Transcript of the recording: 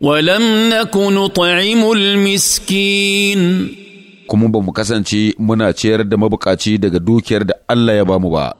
ولم نك نطعم المسكين kuma ba mu kasance muna ciyar da mabukaci daga dukiyar da Allah ya bamu ba